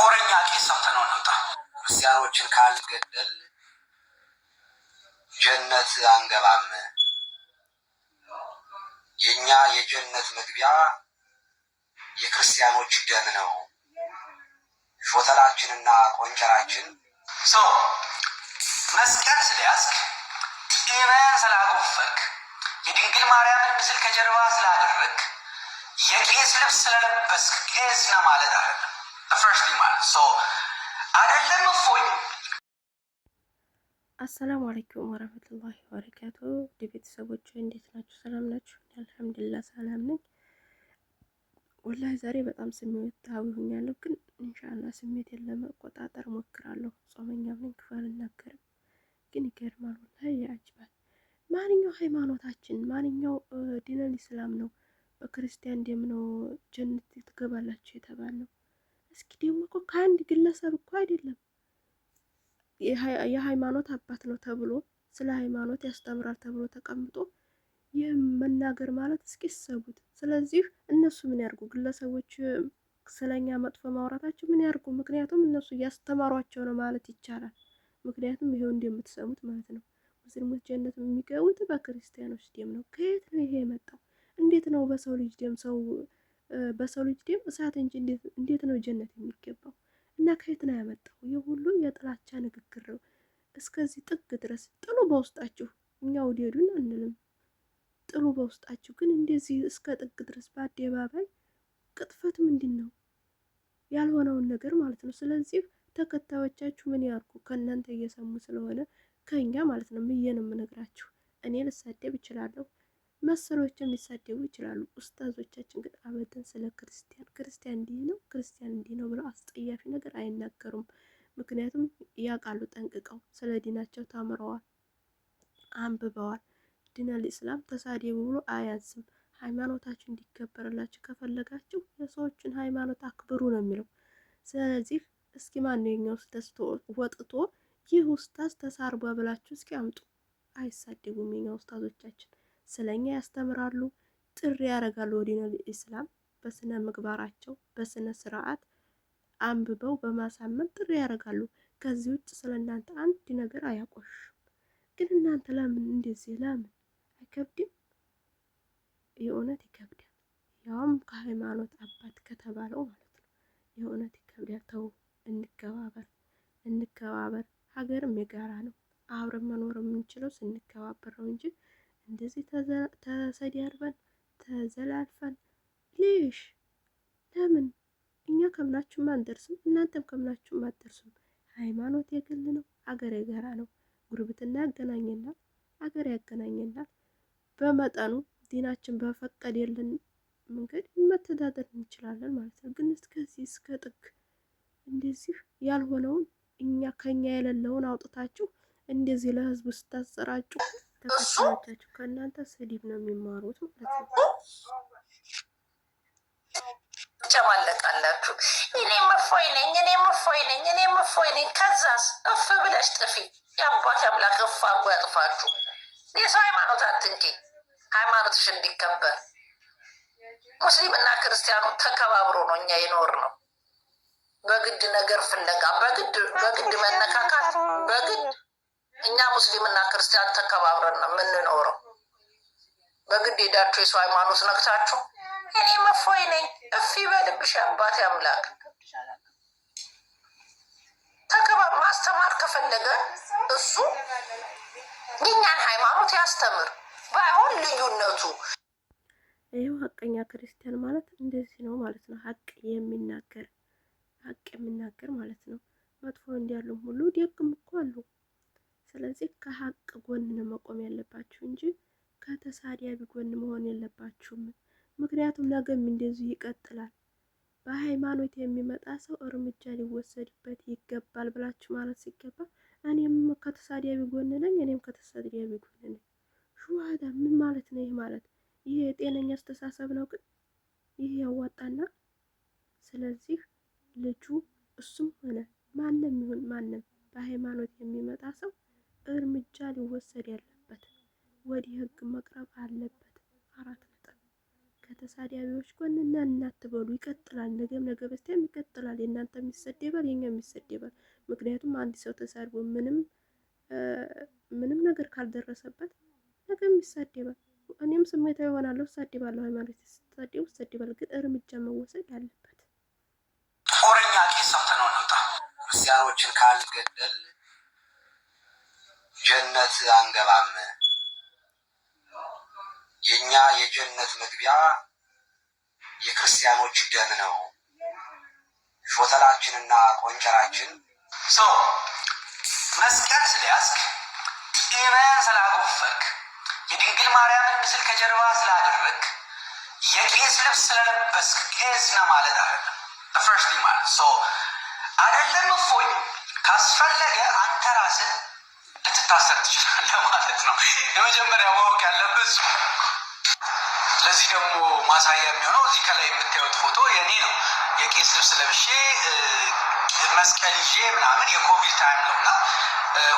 ጦረኛ ቄስ ሰምተነው እንውጣ። ክርስቲያኖችን ካልገደል ጀነት አንገባም። የእኛ የጀነት መግቢያ የክርስቲያኖች ደም ነው። ሾተላችንና ቆንጨራችን ሶ መስቀል ስለያዝክ ጢምህን ስላጎፈክ የድንግል ማርያምን ምስል ከጀርባ ስላደረግ የቄስ ልብስ ስለለበስክ ቄስ ነው ማለት አይደለም። ፈርስት ማለት ሰው አይደለም እፎይ አሰላሙ አለይኩም ወረህመቱላሂ ወበረካቱ ቤተሰቦች እንዴት ናችሁ? ሰላም ናችሁ? አልሐምዱሊላህ ሰላም ነኝ። ወላሂ ዛሬ በጣም ስሜታዊ ሆኛለሁ፣ ግን ኢንሻአላህ ስሜቴን ለመቆጣጠር ሞክራለሁ። ጾመኛ ነኝ፣ ክፉ አልናገርም። ግን ይገርማል፣ ወላሂ ያጅባል። ማንኛው ሃይማኖታችን ማንኛው ዲነል ኢስላም ነው በክርስቲያን ደም ነው ጀነት ትገባላችሁ የተባለው እስኪ ደግሞ እኮ ከአንድ ግለሰብ እኮ አይደለም የሃይማኖት አባት ነው ተብሎ ስለ ሃይማኖት ያስተምራል ተብሎ ተቀምጦ ይህም መናገር ማለት እስኪ ሰቡት። ስለዚህ እነሱ ምን ያርጉ? ግለሰቦች ስለኛ መጥፎ ማውራታቸው ምን ያርጉ? ምክንያቱም እነሱ እያስተማሯቸው ነው ማለት ይቻላል። ምክንያቱም ይሄው እንደምትሰሙት ማለት ነው ሙስሊሞች ጀነት የሚገቡት በክርስቲያኖች ደም ነው። ከየት ነው ይሄ የመጣው? እንዴት ነው በሰው ልጅ ደም ሰው በሰው ልጅ ደም እሳት እንጂ እንዴት ነው ጀነት የሚገባው? እና ከየት ነው ያመጣው? ይህ ሁሉ የጥላቻ ንግግር ነው። እስከዚህ ጥግ ድረስ ጥሉ በውስጣችሁ። እኛ ውደዱን አንልም፣ ጥሉ በውስጣችሁ። ግን እንደዚህ እስከ ጥግ ድረስ በአደባባይ ቅጥፈት ምንድን ነው? ያልሆነውን ነገር ማለት ነው። ስለዚህ ተከታዮቻችሁ ምን ያርጉ? ከእናንተ እየሰሙ ስለሆነ ከእኛ ማለት ነው ብዬ ነው የምነግራችሁ። እኔ ልሳደብ እችላለሁ መሰሎችም ሊሳደቡ ይችላሉ። ኡስታዞቻችን ግን አበደን ስለ ክርስቲያን ክርስቲያን እንዲህ ነው ክርስቲያን እንዲህ ነው ብለው አስጠያፊ ነገር አይናገሩም። ምክንያቱም ያውቃሉ ጠንቅቀው ስለ ዲናቸው ተምረዋል፣ አንብበዋል። ዲነል ኢስላም ተሳደቡ ብሎ አያዝም። ሃይማኖታችሁ እንዲከበርላችሁ ከፈለጋችሁ የሰዎችን ሃይማኖት አክብሩ ነው የሚለው። ስለዚህ እስኪ ማንኛው ደስቶ ወጥቶ ይህ ኡስታዝ ተሳርቧ ብላችሁ እስኪ አምጡ። አይሳደቡም የኛ ኡስታዞቻችን። ስለኛ ያስተምራሉ፣ ጥሪ ያደርጋሉ ወዲነል ኢስላም በስነ ምግባራቸው በስነ ስርዓት አንብበው በማሳመን ጥሪ ያደርጋሉ። ከዚህ ውጭ ስለ እናንተ አንድ ነገር አያቆሽም። ግን እናንተ ለምን እንደዚህ ለምን አይከብድም? የእውነት ይከብዳል። ያውም ከሃይማኖት አባት ከተባለው ማለት ነው። የእውነት ይከብዳል። ተው እንከባበር፣ እንከባበር። ሀገርም የጋራ ነው። አብረን መኖር የምንችለው ስንከባበር ነው እንጂ እንደዚህ ተሰዳርበን ተዘላልፈን ሌሽ ለምን? እኛ ከምናችሁም አንደርስም፣ እናንተም ከምናችሁም አትደርሱም። ሃይማኖት የግል ነው፣ አገር የጋራ ነው። ጉርብትና ያገናኘናል፣ አገር ያገናኘናል። በመጠኑ ዲናችን በፈቀደልን መንገድ መተዳደር እንችላለን ማለት ነው። ግን እስከዚህ እስከ ጥግ እንደዚህ ያልሆነውን እኛ ከኛ የሌለውን አውጥታችሁ እንደዚህ ለህዝቡ ስታሰራጩ ተከታታችሁ ከእናንተ ስድብ ነው የሚማሩት ማለት ነው። ጨማለቃላችሁ። እኔ መፎይ ነኝ፣ እኔ መፎይ ነኝ፣ እኔ መፎይ ነኝ። ከዛስ እፍ ብለሽ ጥፊ። የአባት አምላክ እፍ አርጎ ያጥፋችሁ። የሰው ሃይማኖት አትንኪ፣ ሃይማኖትሽ እንዲከበር ሙስሊምና ክርስቲያኑ ተከባብሮ ነው እኛ የኖር ነው። በግድ ነገር ፍለጋ በግድ በግድ መነካካት እኛ ሙስሊምና ክርስቲያን ተከባብረን ነው የምንኖረው። በግድ ሄዳችሁ የሰው ሃይማኖት ነግታችሁ እኔ መፎይ ነኝ እፊ በልብሽ አባቴ አምላክ ተከባብ ማስተማር ከፈለገ እሱ የኛን ሃይማኖት ያስተምር፣ ባይሆን ልዩነቱ ይህው ሀቀኛ ክርስቲያን ማለት እንደዚህ ነው ማለት ነው። ሀቅ የሚናገር ሀቅ የሚናገር ማለት ነው። መጥፎ እንዲያሉም ሁሉ ደግም እኮ አሉ። ስለዚህ ከሀቅ ጎን ነው መቆም ያለባችሁ እንጂ ከተሳዳቢ ጎን መሆን የለባችሁም። ምክንያቱም ነገም እንደዚሁ ይቀጥላል። በሃይማኖት የሚመጣ ሰው እርምጃ ሊወሰድበት ይገባል ብላችሁ ማለት ሲገባ እኔም ከተሳዳቢ ጎን ነኝ፣ እኔም ከተሳዳቢ ጎን ነኝ። ሸዋዳ ምን ማለት ነው? ይህ ማለት ይህ የጤነኛ አስተሳሰብ ነው? ግን ይህ ያዋጣና ስለዚህ ልጁ እሱም ሆነ ማንም ይሁን ማንም በሃይማኖት የሚመጣ ሰው እርምጃ ሊወሰድ ያለበት ወዲህ ህግ መቅረብ አለበት። አራት ነጥብ። ከተሳዳቢዎች ጎን እና እናትበሉ ይቀጥላል። ነገም ነገ በስቲያም ይቀጥላል። የእናንተም ይሰደባል፣ የኛም ይሰደባል። ምክንያቱም አንድ ሰው ተሳድቦ ምንም ምንም ነገር ካልደረሰበት ነገም ይሳደባል። እኔም ስሜታዊ እሆናለሁ፣ እሳደባለሁ። ሃይማኖት ሲሳደብ ይሳደባል፣ ግን እርምጃ መወሰድ አለበት። ጦረኛ ቄስ ሰምተነው እንውጣ ክርስቲያኖችን ካልገደል ጀነት አንገባም። የእኛ የጀነት መግቢያ የክርስቲያኖች ደም ነው፣ ሾተላችንና ቆንጨራችን። መስቀል ስለያዝክ ጢምህን ስላጎፈክ የድንግል ማርያምን ምስል ከጀርባ ስላደረግ የቄስ ልብስ ስለለበስክ ቄስ ነው ማለት አይደለም። ፈርስት ማለት አይደለም። እፎኝ ካስፈለገ አንተ ራስህ ልትታሰር ትችላለህ ማለት ነው። የመጀመሪያ ማወቅ ያለብህ ለዚህ ደግሞ ማሳያ የሚሆነው እዚህ ከላይ የምታዩት ፎቶ የኔ ነው። የቄስ ልብስ ለብሼ መስቀል ይዤ ምናምን የኮቪድ ታይም ነው እና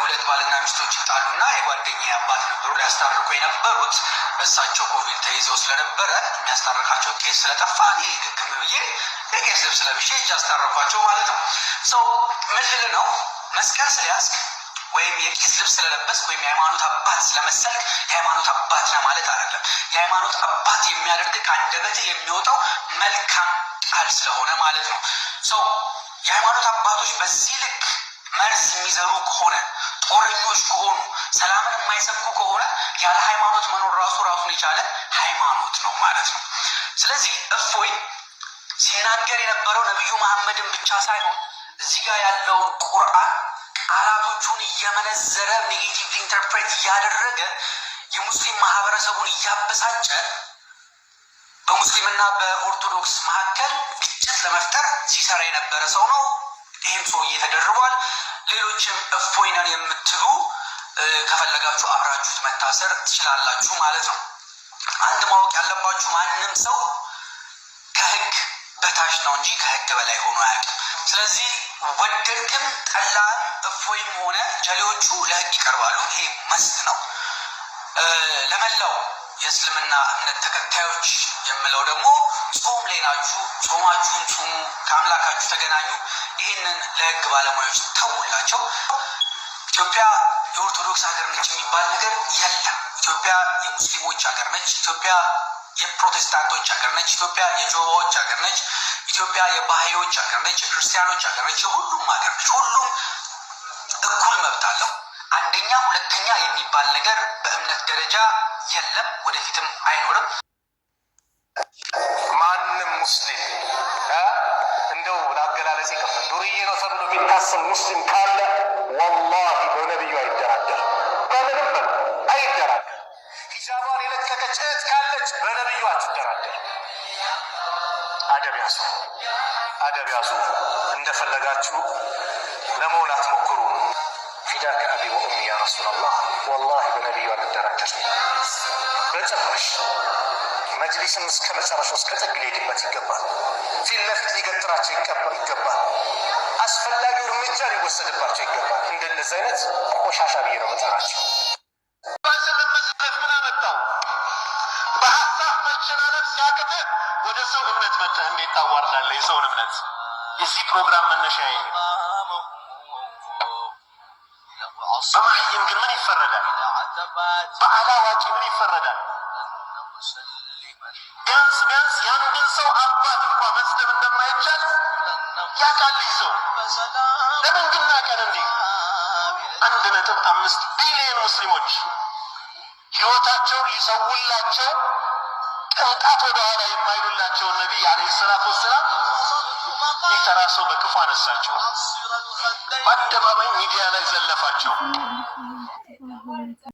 ሁለት ባልና ሚስቶች ይጣሉና የጓደኛ አባት ነበሩ ሊያስታርቁ የነበሩት እሳቸው ኮቪድ ተይዘው ስለነበረ የሚያስታርቃቸው ቄስ ስለጠፋ እኔ ግግም ብዬ የቄስ ልብስ ለብሼ እጅ አስታረኳቸው ማለት ነው። ሰው ምልል ነው መስቀል ስለያዝክ ወይም የቄስ ልብስ ስለለበስክ ወይም የሃይማኖት አባት ስለመሰልክ የሃይማኖት አባት ነው ማለት አይደለም። የሃይማኖት አባት የሚያደርግ ከአንደበትህ የሚወጣው መልካም ቃል ስለሆነ ማለት ነው። ሰው የሃይማኖት አባቶች በዚህ ልክ መርዝ የሚዘሩ ከሆነ ጦረኞች ከሆኑ ሰላምን የማይሰብኩ ከሆነ ያለ ሃይማኖት መኖር ራሱ ራሱን የቻለ ሃይማኖት ነው ማለት ነው። ስለዚህ እፎይ ሲናገር የነበረው ነቢዩ መሐመድን ብቻ ሳይሆን እዚህ ጋር ያለውን ቁርአን ቃላቶቹን እየመነዘረ ኔጌቲቭ ኢንተርፕሬት እያደረገ የሙስሊም ማህበረሰቡን እያበሳጨ በሙስሊምና በኦርቶዶክስ መካከል ግጭት ለመፍጠር ሲሰራ የነበረ ሰው ነው። ይህም ሰውዬ ተደርቧል። ሌሎችም እፎይነን የምትሉ ከፈለጋችሁ አብራችሁት መታሰር ትችላላችሁ ማለት ነው። አንድ ማወቅ ያለባችሁ ማንም ሰው ከህግ በታች ነው እንጂ ከህግ በላይ ሆኖ አያውቅም። ስለዚህ ወደድክም ጠላን እፎይም ሆነ ጀሌዎቹ ለህግ ይቀርባሉ። ይሄ መስት ነው። ለመላው የእስልምና እምነት ተከታዮች የምለው ደግሞ ጾም ላይ ናችሁ፣ ጾማችሁን ጹሙ፣ ከአምላካችሁ ተገናኙ። ይህንን ለህግ ባለሙያዎች ተውላቸው። ኢትዮጵያ የኦርቶዶክስ ሀገር ነች የሚባል ነገር የለም። ኢትዮጵያ የሙስሊሞች ሀገር ነች። ኢትዮጵያ የፕሮቴስታንቶች ሀገር ነች ኢትዮጵያ። የጆባዎች ሀገር ነች ኢትዮጵያ። የባህዎች ሀገር ነች፣ የክርስቲያኖች ሀገር ነች። የሁሉም ሀገር ነች። ሁሉም እኩል መብት አለው። አንደኛ ሁለተኛ የሚባል ነገር በእምነት ደረጃ የለም፣ ወደፊትም አይኖርም። ማንም ሙስሊም እንደው ለአገላለጽ ይቀፍ ዱርዬ ነው ተብሎ የሚታሰብ ሙስሊም ካለ ወላሂ በነቢዩ አይ አደብ ያዙ፣ አደብ ያዙ። እንደፈለጋችሁ ለመውላት አትሞክሩ። ፊዳከ አቢ ወኡሚ ያ ረሱላላህ፣ ወላሂ በነቢዩ አንደራደር በጭራሽ። መጅሊስም እስከ መጨረሻው እስከ ጥግ ሊሄድበት ይገባል። ፊት ለፊት ሊገጥራቸው ይገባል። አስፈላጊው እርምጃ ሊወሰድባቸው ይገባል። እንደነዚህ አይነት ቆሻሻ ብዬ ነው መጠራቸው። ፕሮግራም መነሻ የለም። ግን ምን ይፈረዳል? በአላዋቂ ምን ይፈረዳል? ቢያንስ ቢያንስ የአንድን ሰው አባት እንኳ መስደብ እንደማይቻል ያውቃል ሰው። ለምን ግን ናቀን? እንዲህ አንድ ነጥብ አምስት ቢሊዮን ሙስሊሞች ህይወታቸው ሊሰውላቸው ቅንጣት ወደኋላ የማይሉላቸውን ነቢይ አለይሂ ሰላቱ ወሰላም ይህ ሰው በክፉ አነሳቸው፣ በአደባባይ ሚዲያ ላይ ዘለፋቸው።